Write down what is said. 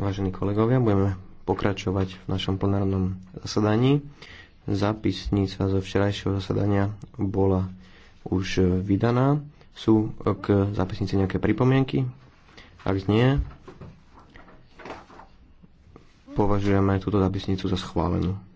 Vážení kolegovia, budeme pokračovať v našom plenárnom zasadaní. Zápisnica zo včerajšieho zasadania bola už vydaná. Sú k zápisnici nejaké pripomienky? Ak nie, považujeme túto zápisnicu za schválenú.